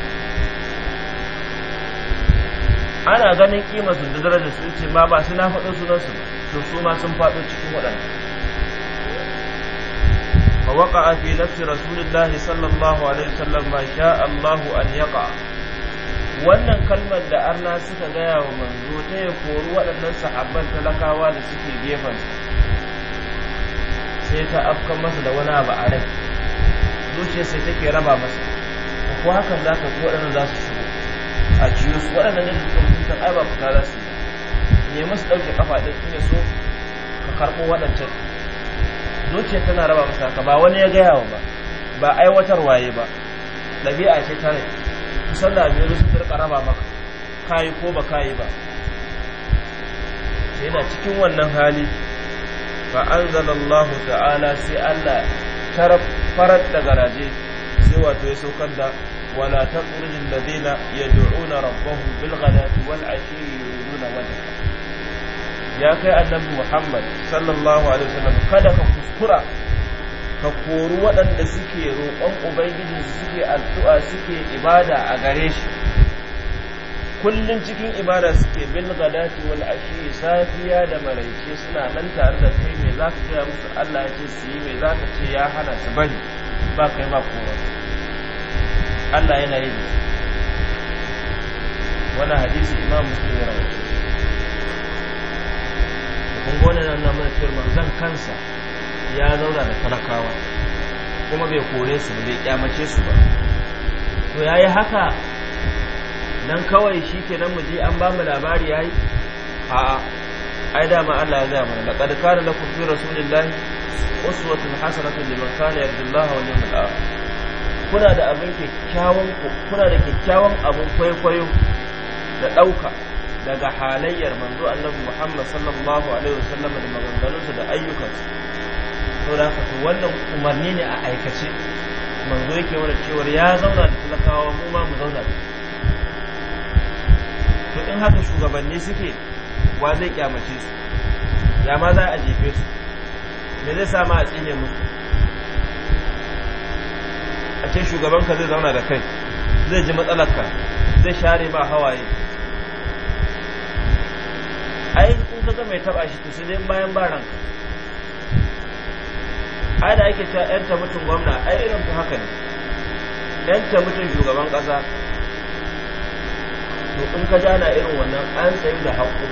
ana ganin kima su da darajar su ce ma ba su na faɗo nan su to su ma sun faɗo cikin waɗanda fa waqa'a fi nafsi rasulillah sallallahu alaihi wasallam ma sha Allah an yaqa wannan kalmar da arna suka gaya wa manzo ta ya kori waɗannan sahabban talakawa da suke gefensa sai ta afka masa da wani abu a rai zuciyarsa take raba masa ko hakan za ka waɗannan za su a ciyo su waɗanda ne su kan ai ba fita za su ne musu ɗauke kafa ɗin in ya so ka karɓo waɗancan zuciya tana raba masa ka ba wani ya gaya wa ba ba aiwatar waye ba ɗabi'a ce ta ne kusan da abin su turka raba maka kayi ko ba kayi ba sai na cikin wannan hali fa Allahu ta'ala sai Allah tarfarar da garaje sai wato ya saukar da ولا تطرد الذين يدعون ربهم بالغداة والعشي يريدون وجهه يا كي النبي محمد صلى الله عليه وسلم kada ka kuskura ka kori waɗanda suke roƙon ubangijin suke addu'a suke ibada a gare shi kullum cikin ibada suke bil gadati wal ashi safiya da maraice suna nan tare da kai me zaka gaya musu Allah ya ce su yi me zaka ce ya hana su bari ba kai ba kowa Allah yana yi wani hadisi imam muslim ya rawaito kun gona nan na mana firma zan kansa ya zauna da talakawa kuma bai kore su ba bai kyamace su ba to ya yi haka nan kawai shi kenan mu je an ba mu labari yi? a'a ai dama Allah ya gaya mana laqad kana lakum fi wasu wata hasaratun liman kana yarjullaha wa yawmal akhir kuna da abin kyakkyawan kuna da kyakkyawan abin kwaikwayo da ɗauka daga halayyar manzo annabi Muhammad sallallahu alaihi wasallam da maganganunsa da ayyukansa to da haka to wannan umarni ne a aikace manzo yake mana cewa ya zauna da talakawa mu ma mu zauna da to in haka shugabanni suke wa zai kyamace su ya ma za a jefe su me zai sa ma a tsine musu a ce shugabanka zai zauna da kai zai ji matsalarka zai share ba hawaye ai kun ka mai taba shi to sai bayan baran ai da ake cewa 'yanta mutum gwamna ai irin ku haka ne 'yanta mutum shugaban kasa to in ka na irin wannan an tsayu da haƙƙo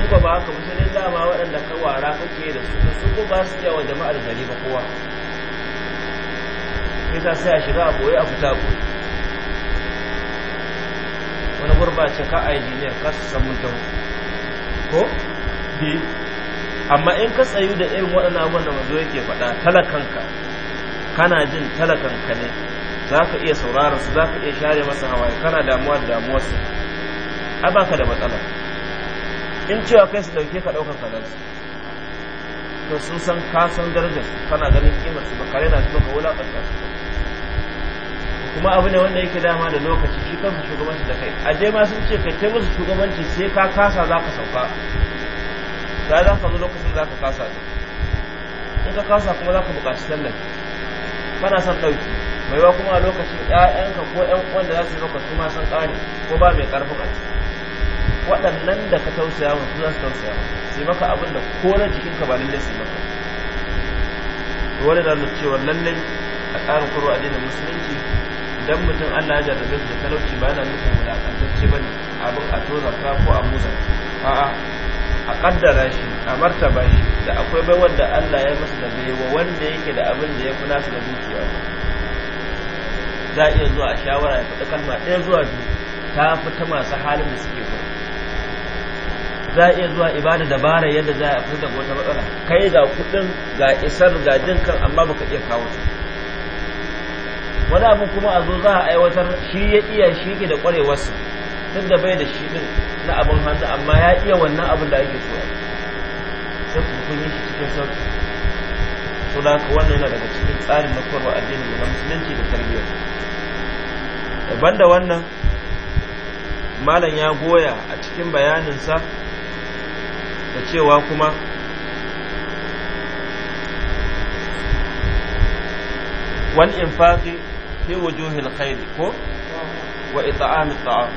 in ka ba haka musulun dama waɗanda ka wara da su su ko ba su iya wa jama'ar gari ba kowa yasa sai a shiga a boye a fita boye wani gurbace ka a injiniyar ka samun taho ko bi amma in ka tsayu da irin waɗannan wanda mazo yake faɗa talakanka kana jin talakanka ne za ka iya sauraron su za ka iya share masa hawaye kana damuwa da damuwarsu ai ka da matsala in cewa kai su ɗauke ka ɗaukar su to sun san ka san darajar kana ganin kimar su ba kare na su ka wulakanta su kuma abu ne wanda yake dama da lokaci shi kansa shugabanci da kai a je ma sun ce kai musu shugabanci sai ka kasa za ka sauka za za ka zo lokacin za ka kasa in ka kasa kuma za ka buƙaci tallafi kana son ɗauki mai wa kuma a lokacin ƴaƴanka ko ƴan uwan da za su zaka kuma san ƙare ko ba mai ƙarfin a waɗannan da ka tausaya wa su za su tausaya sai maka abin da koren jikinka ba lallai sai maka wani da cewa lallai a ƙarin kurwa addinin musulunci dan mutum Allah ya jarrabe da talauci ba yana nufin ba bane abin a ka ko a musa a'a a kaddara shi a martaba shi da akwai bai wanda Allah ya masa da bai wa wanda yake da abin da ya fi nasu da dukiya za iya zuwa a shawara ya faɗi kalma ɗaya zuwa biyu ta fi ta masu halin da suke kuma za iya zuwa ibada dabara yadda za a fi daga wata matsala kai ga kuɗin ga isar ga jin kan amma baka iya kawo su wani abu kuma a zo za a aiwatar shi ya iya shi ke da kwarewarsa duk da bai da shi din na abin hannu amma ya iya wannan abin da ake so sai ku kun yi shi cikin sauki so da haka wannan yana daga cikin tsarin na korwa addini na musulunci da tarbiyyar daban da wannan malam ya goya a cikin bayaninsa da cewa kuma in infaqi fi wujuhil khair ko wa it'am at'am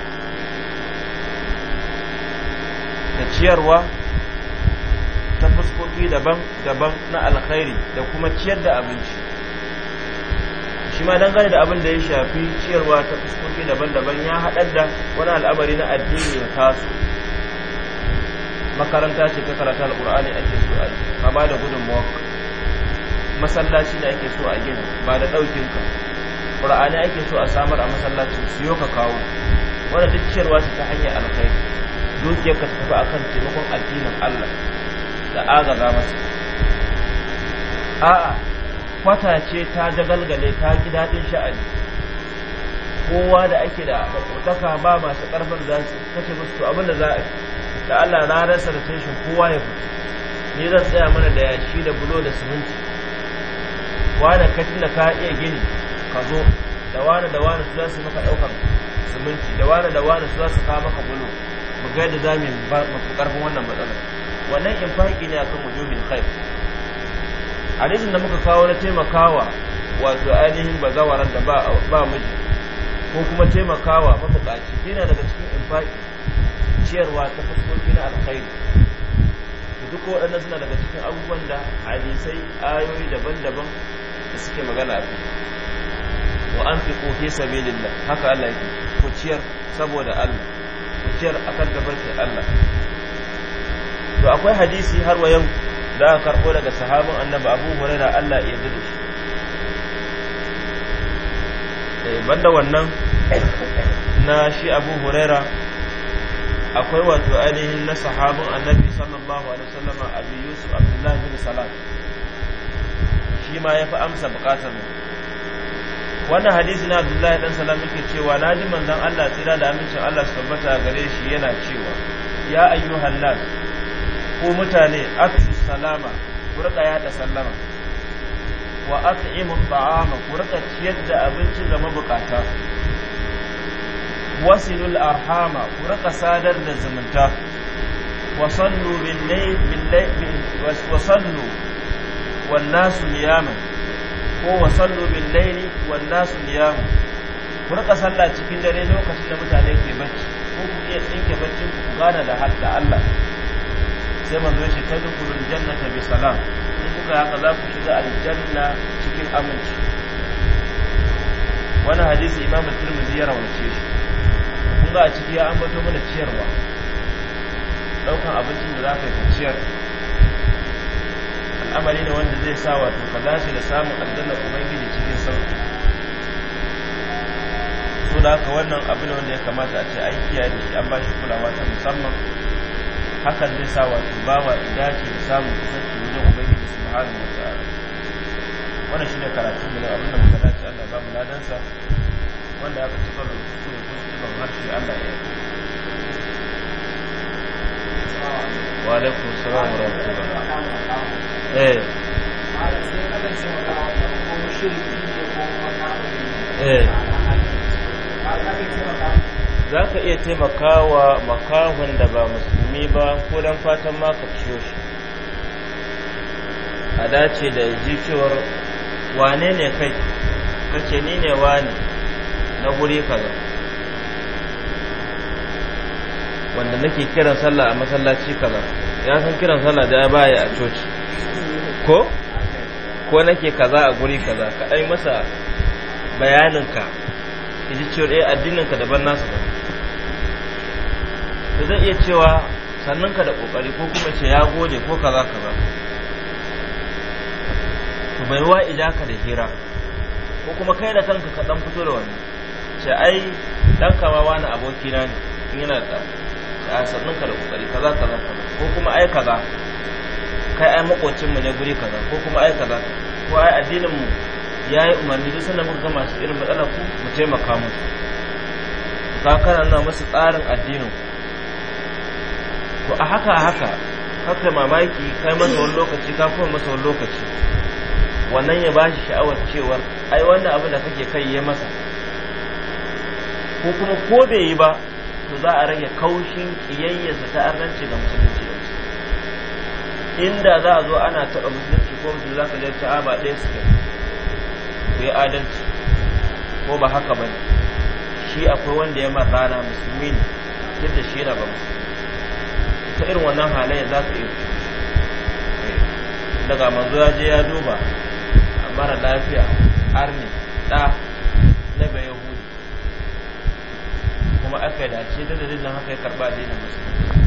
da ciyarwa ta fuskoki daban-daban na alkhairi da kuma ciyar da abinci shi ma gane da abin da ya shafi ciyarwa ta fuskoki daban-daban ya hadar da wani al'amari na addini ya taso makaranta ce ta karata al'ur'ani ake so a ba da gudunmawa masallaci da ake so a gina ba da ka. ƙura'ani ake so a samar a masallacin siyo ka kawo wanda duk ciyarwa ta hanyar alkhair dukiyar ka tafi akan taimakon addinin Allah da agaza masa a'a kwata ce ta dagalgale ta ƙi daɗin sha'ani kowa da ake da makotaka ba masu ƙarfin za su kace musu abin da za a da Allah rasa da tashin kowa ya fito ni zan tsaya mana da yashi da bulo da siminti da katin da ka iya gini zo da wane da wane su za su maka ɗaukar siminti da wane da wane su za su kawo maka bulo mu ga yadda za mu mafi ƙarfin wannan matsalar wannan infaki ne akan kai a nisan da muka kawo na taimakawa wato ainihin bazawaran da ba miji ko kuma taimakawa mabukaci yana daga cikin infaki ciyarwa ta fuskoki na alkhairi duk waɗannan suna daga cikin abubuwan da hadisai ayoyi daban-daban da suke magana a kai wa an fi sabilillah haka Allah yake kuciyar saboda Allah kuciyar ciyar akan tafarkin Allah to akwai hadisi har wa yau da aka karbo daga sahabin annabi Abu Hurairah Allah ya yarda shi eh banda wannan na shi Abu Hurairah akwai wato ainihin na sahabin annabi sallallahu alaihi wasallama Abi Yusuf Abdullah bin Salam shi ma ya fi amsa bukatar mu wannan hadisi na abdullahi dan salam yake cewa na ji manzon Allah tsira da amincin Allah su tabbata gare shi yana cewa ya ayyuhan nas ko mutane aksu salama ku rika yada sallama wa at'imu ta'ama ku rika ciyar da abinci ga mabukata wasilul arhama ku rika sadar da zumunta wa sallu bil layl bil layl wa sallu wan nasu ko wa sallu bil laili wan nasu niyamu ku rika sallah cikin dare lokacin da mutane ke bacci ko ku iya tsinke baccin ku gana da hadda Allah sai manzo shi ce tadkhulul jannata bi salam in kuka haka za ku shiga aljanna cikin aminci wani hadisi imamu tirmidhi ya rawace shi kun ga a ciki ya ambato mana ciyarwa daukan abincin da za ka yi ka ciyar amali ne wanda zai sa wato ka dace da samun aljanna ubangiji cikin sauki so da haka wannan abu ne wanda ya kamata a ce an kiyaye da shi an ba shi kulawa ta musamman hakan zai sa wato bawa dace da samun kusanci wajen ubangiji subhanahu wa ta'ala wannan shine karatun mu ne abin da muka dace Allah ba mu ladansa wanda aka ci karo su ne kuskuren harshe Allah ya yi wa alaikum wa rahmatullah Eh. Eh. za ka iya taimakawa makahun da ba musulmi ba ko don fatan maka ciyo shi a dace da ji cewar wane ne kai kace ni ne wane na guri kaza wanda nake kiran sallah a masallaci kaza ya san kiran sallah da ya baya a coci ko ko nake kaza a guri kaza ka dai masa bayaninka ka ji cewa ɗaya eh, addininka daban nasu ba da zai iya cewa sannan ka da ƙoƙari ko kuma ce ya gode ko kaza kaza to bai wa ijaka da hira ko kuma kai da kanka ka dan fito da wani ce ai dan kama wani abokina ne in yana da ta sannan ka da ƙoƙari kaza kaza ko kuma ai kaza kai ai makocin mu ne guri kaza ko kuma ai kaza ko ai addinin mu yayi umarni duk sanda muka ga masu irin matsala ku mu taimaka mu ka kana nuna musu tsarin addinin ku a haka a haka haka mamaki kai masa wani lokaci ka kuma masa wani lokaci wannan ya bashi sha'awar cewar ai wannan abin da kake kai ya masa ko kuma ko bai yi ba to za a rage kaushin kiyayyarsa ta arnanci da musulunci inda za a zo ana taɓa musulunci ko musulunci za ka jarta a ba ɗaya suke ku yi adalci ko ba haka ba ne shi akwai wanda ya matsana musulmi ne duk da shi na ba ta irin wannan halayya za ka iya eh, daga manzo ya je ya duba a mara lafiya arni ɗa na bayan hudu kuma aka yi dace da dalilin haka ya karɓa daina musulunci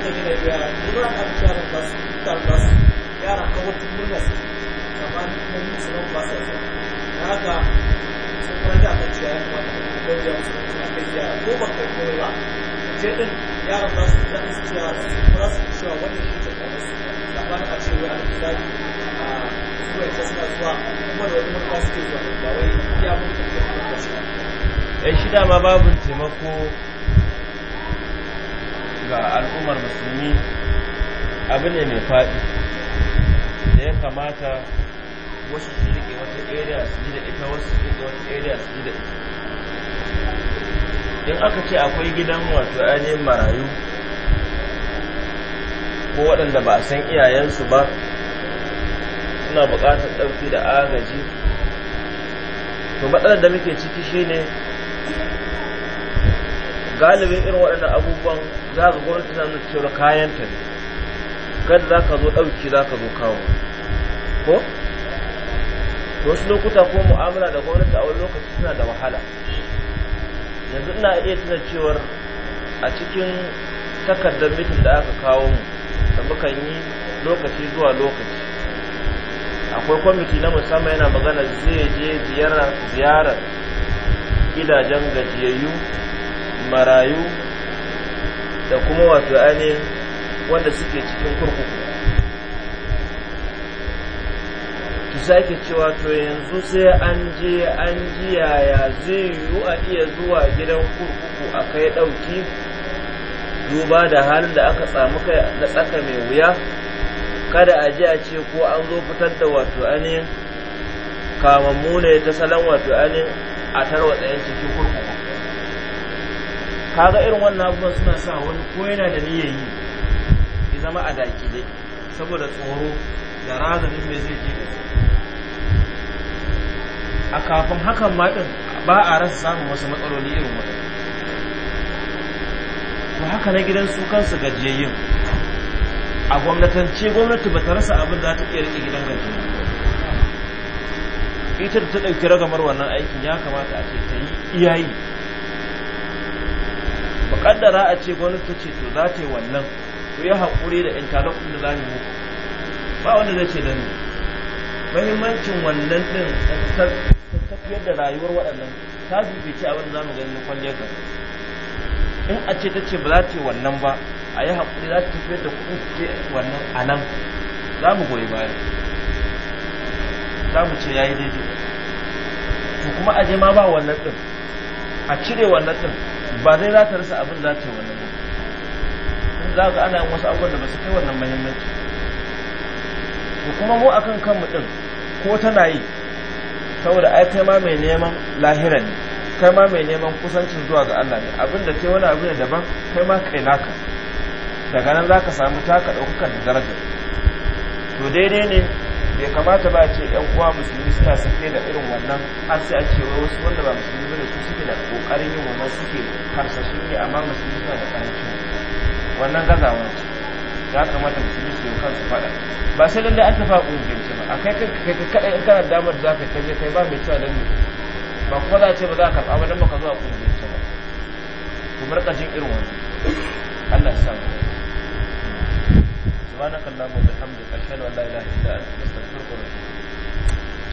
annabi na biya imran abu yaran ba su ta ba su yaran murna su amma yi su nan su haka kuma da biya su a kai yara ko kai ba je din su da su su shi ta su a ce wai a suna zuwa kuma da wani zuwa ba wai ya mutu shi. dama babu taimako ga al'ummar musulmi abu ne mai faɗi da ya kamata wasu su rike wata area su ji da ita wasu su rike wata area su ji da ita in aka ce akwai gidan wato ainihin marayu ko waɗanda ba a san iyayensu ba suna buƙatar ɗauki da agaji to matsalar da muke ciki shine galibin irin waɗannan abubuwan za ka gwamnati tana nuna cewa kayan ta ne kada za ka zo ɗauki za ka zo kawo ko wasu lokuta ko mu'amala da gwamnati a wani lokaci suna da wahala yanzu ina iya tuna cewar a cikin takardar mitin da aka kawo mu da muka yi lokaci zuwa lokaci akwai kwamiti na musamman yana magana zai je ziyarar gidajen gajiyayyu marayu da kuma wato ainihin wanda suke cikin kurkuku ki sake cewa to yanzu sai an je an ji yaya zai yiwu a iya zuwa gidan kurkuku a kai ɗauki duba da halin da aka samu kai na tsaka mai wuya kada a ji a ce ko an zo fitar da wato ainihin kamammu ne ta salon wato ainihin a tarwatsa yan cikin kurkuku kaga irin wannan abubuwan suna sa wani ko yana da niyyar yi ya zama a dakile saboda tsoro da razanin mai zai je a kafin hakan ma din ba a rasa samun wasu matsaloli irin wata. Ko haka na gidan su kansu gajiyayyen a gwamnatance gwamnati ba ta rasa abin za ta iya rike gidan gajiya ita da ta ɗauki ragamar wannan aikin ya kamata a ce ta yi iyayi kaddara a ce gwamnati ta ce to za ta yi wannan to yi haƙuri da intalok da za mu ba wanda zai ce da ni mahimmancin wannan ɗin ta tafiyar da rayuwar waɗannan ta ce abin da za mu gani na kwalliyar gaba in a ce ta ce ba za ta yi wannan ba a yi haƙuri za ta tafiyar da kuɗin su ce wannan a nan za mu goyi bayan za mu ce ya yi daidai to kuma a je ma ba wannan ɗin a cire wannan ɗin ba zai za ta rasa abin za ta yi wani ba za ga ana yin wasu abubuwan da ba su kai wannan muhimmanci to kuma mu akan kanmu din ko tana yi saboda ai kai ma mai neman lahira ne kai ma mai neman kusancin zuwa ga Allah ne abin da kai wani abu ne daban kai ma kai naka daga nan za ka samu taka daukakar da daraja to daidai ne bai kamata ba ce yan uwa musulmi suna sake da irin wannan har sai a ce wasu wanda ba musulmi su suke da kokarin yi wa suke harsashi ne amma yi suna da karancin wannan gazawa ce ya kamata musulmi su yi kansu faɗa ba sai lalle an tafa ƙungiyarci ba a kai kai kaɗai in kana damar za ka kaje kai ba mai cewa don ne ba kuma za a ce ba za a karɓa ba don zo zuwa ƙungiyarci ba ku bar jin irin wani Allah ya samu subhanakallahumma wa bihamdika ashhadu an la ilaha illa anta